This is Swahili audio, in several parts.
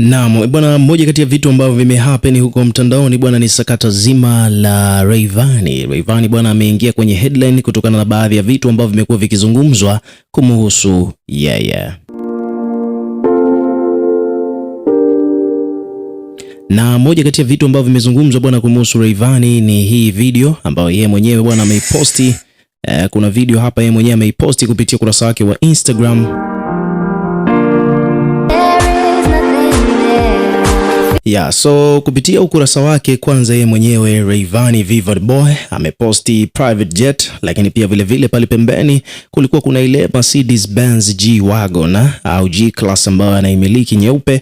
Naam, eh, bwana, moja kati ya vitu ambavyo vimehappen huko mtandaoni bwana ni sakata zima la Rayvanny. Rayvanny bwana ameingia kwenye headline kutokana na baadhi ya vitu ambavyo vimekuwa vikizungumzwa kumhusu yeye. Na moja kati ya vitu ambavyo vimezungumzwa bwana kumhusu Rayvanny ni hii video ambayo yeye mwenyewe bwana ameiposti. Eh, kuna video hapa yeye mwenyewe ameiposti kupitia ukurasa wake wa Instagram. Yeah, so kupitia ukurasa wake kwanza, yeye mwenyewe Rayvanny Vivid Boy ameposti private jet, lakini pia vile vile pale pembeni kulikuwa kuna ile Mercedes Benz G Wagon eh, au G Class ambayo anaimiliki nyeupe,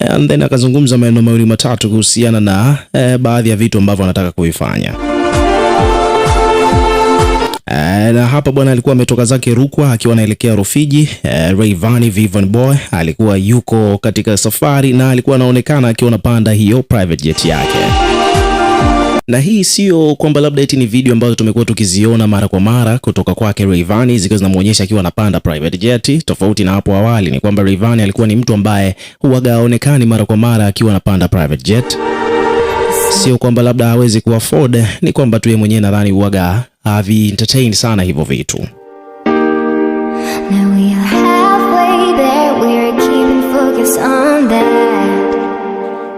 eh, and then akazungumza maneno mawili matatu kuhusiana na eh, baadhi ya vitu ambavyo anataka kuifanya. E, na hapa bwana alikuwa ametoka zake Rukwa akiwa anaelekea Rufiji. E, Rayvanny Vivian Boy alikuwa yuko katika safari na alikuwa anaonekana akiwa anapanda hiyo private jet yake na hii sio kwamba labda eti ni video ambazo tumekuwa tukiziona mara kwa mara kutoka kwake Rayvanny zikiwa zinamuonyesha akiwa anapanda private jet. Tofauti na hapo awali ni kwamba Rayvanny alikuwa ni mtu ambaye huwaga aonekani mara kwa mara akiwa anapanda private jet. Sio kwamba labda hawezi kuafford, ni kwamba tu yeye mwenyewe nadhani huwaga havi entertain sana hivyo vitu.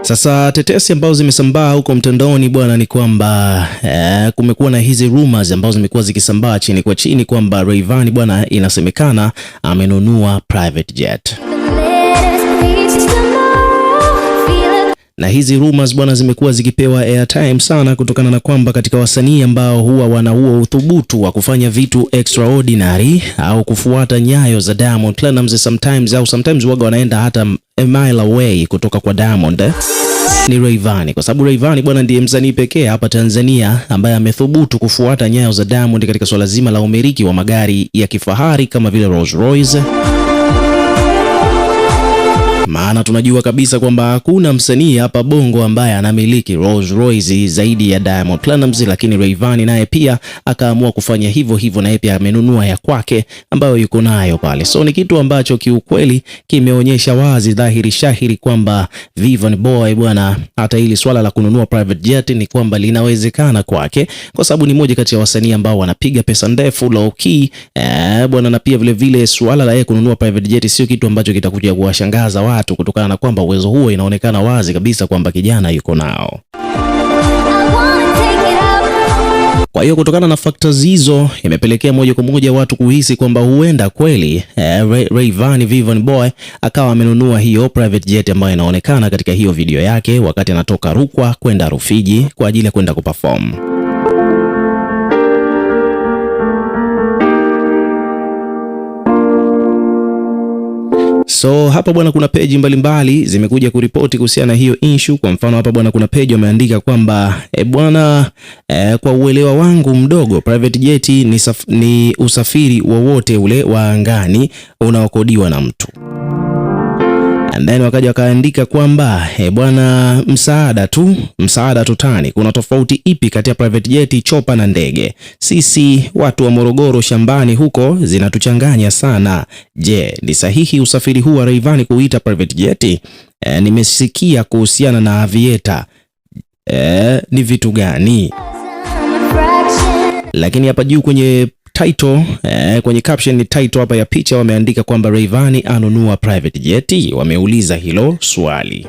Sasa tetesi ambazo zimesambaa huko mtandaoni bwana, ni kwamba eh, kumekuwa na hizi rumors ambazo zimekuwa zikisambaa chini kwa chini kwamba Rayvanny bwana, inasemekana amenunua private jet na hizi rumors bwana zimekuwa zikipewa airtime sana kutokana na kwamba katika wasanii ambao huwa wana huo uthubutu wa kufanya vitu extraordinary au kufuata nyayo za Diamond Platnumz sometimes au sometimes waga wanaenda hata a mile away kutoka kwa Diamond eh? ni Rayvanny kwa sababu Rayvanny bwana ndiye msanii pekee hapa Tanzania ambaye amethubutu kufuata nyayo za Diamond katika swala zima la umiliki wa magari ya kifahari kama vile Rolls Royce maana tunajua kabisa kwamba hakuna msanii hapa Bongo ambaye anamiliki Rolls Royce zaidi ya Diamond Platnumz, lakini Rayvanny naye pia akaamua kufanya hivyo hivyo, naye pia amenunua ya kwake ambayo yuko nayo pale. So ni kitu ambacho kiukweli kimeonyesha wazi dhahiri shahiri kwamba Vivian Boy bwana, hata hili swala la kununua private jet ni kwamba linawezekana kwake, kwa sababu ni moja kati ya wasanii ambao wanapiga pesa ndefu low key, eh bwana, na pia vile vile swala la yeye kununua private jet sio kitu ambacho kitakuja kuwashangaza wa watu kutokana na kwamba uwezo huo inaonekana wazi kabisa kwamba kijana yuko nao. Kwa hiyo kutokana na factors hizo imepelekea moja kwa moja watu kuhisi kwamba huenda kweli eh, Ray, Rayvanny Vivon Boy akawa amenunua hiyo private jet ambayo inaonekana katika hiyo video yake wakati anatoka Rukwa kwenda Rufiji kwa ajili ya kwenda kuperform. So hapa bwana, kuna peji mbalimbali zimekuja kuripoti kuhusiana na hiyo issue. Kwa mfano hapa bwana, kuna peji wameandika kwamba e, bwana e, kwa uelewa wangu mdogo private jet ni, ni usafiri wowote ule wa angani unaokodiwa na mtu And then wakaja wakaandika kwamba e, bwana, msaada tu msaada tutani. Kuna tofauti ipi kati ya private jet, chopa na ndege? Sisi watu wa Morogoro shambani huko zinatuchanganya sana. Je, ni sahihi usafiri huu wa Rayvanny kuita private jet? E, nimesikia kuhusiana na avieta e, ni vitu gani? Lakini hapa juu kwenye title eh, kwenye caption ni title hapa ya picha wameandika kwamba Rayvanny anunua private jet. Wameuliza hilo swali.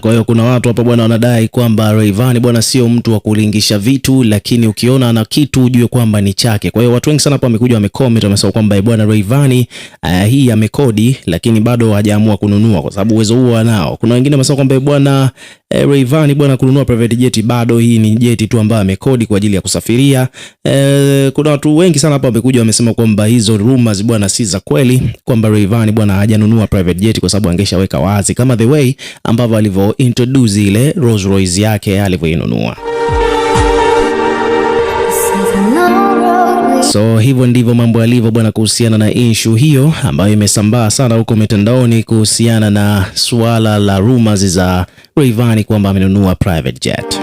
Kwa hiyo kuna watu hapa bwana wanadai kwamba Rayvanny bwana sio mtu wa kulingisha vitu, lakini ukiona ana kitu ujue kwamba ni chake. Kwa hiyo watu wengi sana hapa wamekuja wamecomment, wamesema kwamba eh, bwana Rayvanny uh, hii amekodi, lakini bado hajaamua kununua kwa sababu uwezo huo anao. Kuna wengine wamesema kwamba eh, bwana eh, Rayvanny bwana kununua private jet bado, hii ni jet tu ambayo amekodi kwa ajili ya kusafiria. Eh, kuna watu wengi sana hapa wamekuja wamesema kwamba hizo rumors bwana si za kweli, kwamba Rayvanny bwana hajanunua private jet kwa sababu angeshaweka wazi kama the way ambavyo alivyo introduce ile Rolls Royce yake alivyoinunua. So hivyo ndivyo mambo yalivyo bwana, kuhusiana na issue hiyo ambayo imesambaa sana huko mitandaoni kuhusiana na suala la rumors za Rayvanny kwamba amenunua private jet.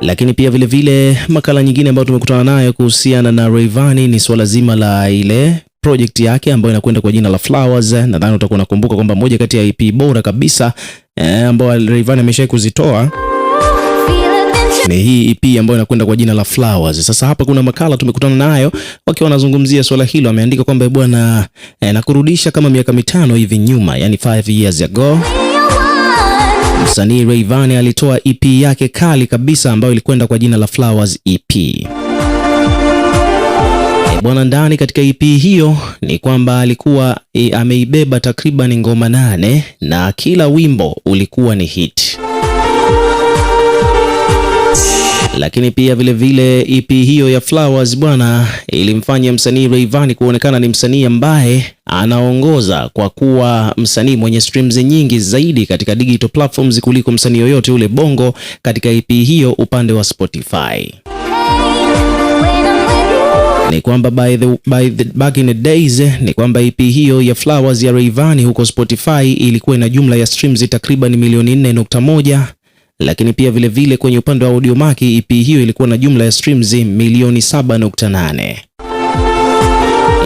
Lakini pia vilevile vile, makala nyingine ambayo tumekutana nayo kuhusiana na Rayvanny ni suala zima la ile project yake ambayo inakwenda kwa jina la Flowers. Nadhani utakuwa unakumbuka kwamba moja kati ya EP bora kabisa eh, ambayo Rayvanny ameshawahi kuzitoa ni hii EP ambayo inakwenda kwa jina la Flowers. Sasa hapa kuna makala tumekutana nayo wakiwa wanazungumzia swala hilo, ameandika kwamba eh, bwana eh, nakurudisha kama miaka mitano hivi nyuma, yani 5 years ago msanii Rayvanny alitoa EP yake kali kabisa ambayo ilikwenda kwa jina la Flowers EP. Bwana Ndani katika EP hiyo ni kwamba alikuwa e, ameibeba takriban ngoma nane na kila wimbo ulikuwa ni hit lakini pia vile vile EP hiyo ya Flowers bwana ilimfanya msanii Rayvanny kuonekana ni msanii ambaye anaongoza kwa kuwa msanii mwenye streams nyingi zaidi katika digital platforms kuliko msanii yoyote ule Bongo katika EP hiyo upande wa Spotify ni kwamba by the, by the, back in the days ni kwamba EP hiyo ya Flowers ya Rayvanny huko Spotify ilikuwa ina jumla ya streams takriban milioni 4.1, lakini pia vile vile kwenye upande wa Audiomack EP hiyo ilikuwa na jumla ya streams milioni 7.8.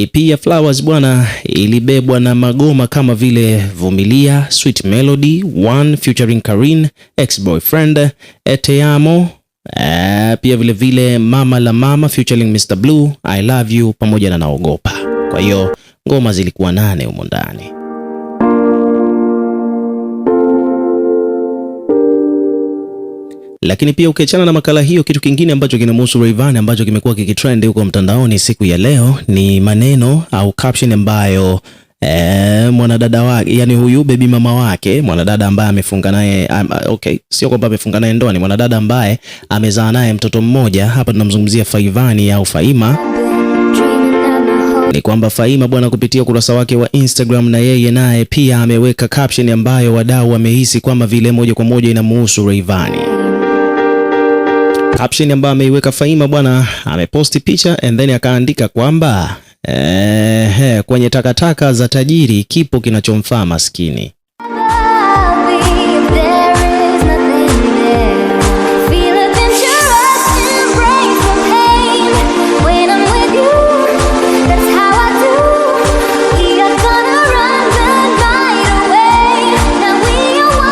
EP ya Flowers bwana ilibebwa na magoma kama vile Vumilia, Sweet Melody, One featuring Karin, Ex Boyfriend, Eteamo Eh, pia vile vile mama la mama featuring Mr Blue, I love you pamoja na naogopa. Kwa hiyo ngoma zilikuwa nane humo ndani. Lakini pia ukiachana na makala hiyo, kitu kingine ambacho kinamhusu Rayvanny ambacho kimekuwa kikitrend huko mtandaoni siku ya leo ni maneno au caption ambayo e, mwanadada wake, yani huyu bebi mama wake, mwanadada ambaye amefunga naye um, okay, sio kwamba amefunga naye ndoa, ni mwanadada ambaye amezaa naye mtoto mmoja. Hapa tunamzungumzia Faivani au Faima ni kwamba Faima bwana, kupitia ukurasa wake wa Instagram na yeye naye pia ameweka caption ambayo wadau wamehisi kwamba vile moja kwa moja inamuhusu Rayvanny. Caption ambayo ameiweka Faima bwana, ameposti picha and then akaandika kwamba Ehe, kwenye takataka za tajiri kipo kinachomfaa maskini.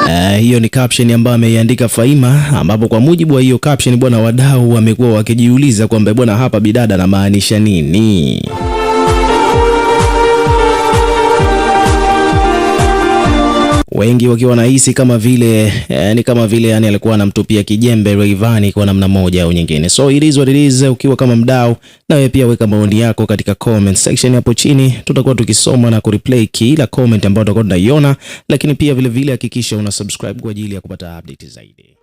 Eh, hiyo ni caption ambayo ameiandika Faima, ambapo kwa mujibu wa hiyo caption, bwana, wadau wamekuwa wakijiuliza kwamba bwana, hapa bidada anamaanisha nini? wengi wakiwa nahisi kama vile eh, ni kama vile yani alikuwa anamtupia kijembe Rayvanny kwa namna moja au nyingine. So it is what it is. Ukiwa kama mdau, na wewe pia weka maoni yako katika comment section hapo chini, tutakuwa tukisoma na kureplay kila comment ambayo tutakuwa tunaiona, lakini pia vilevile hakikisha una subscribe kwa ajili ya kupata update zaidi.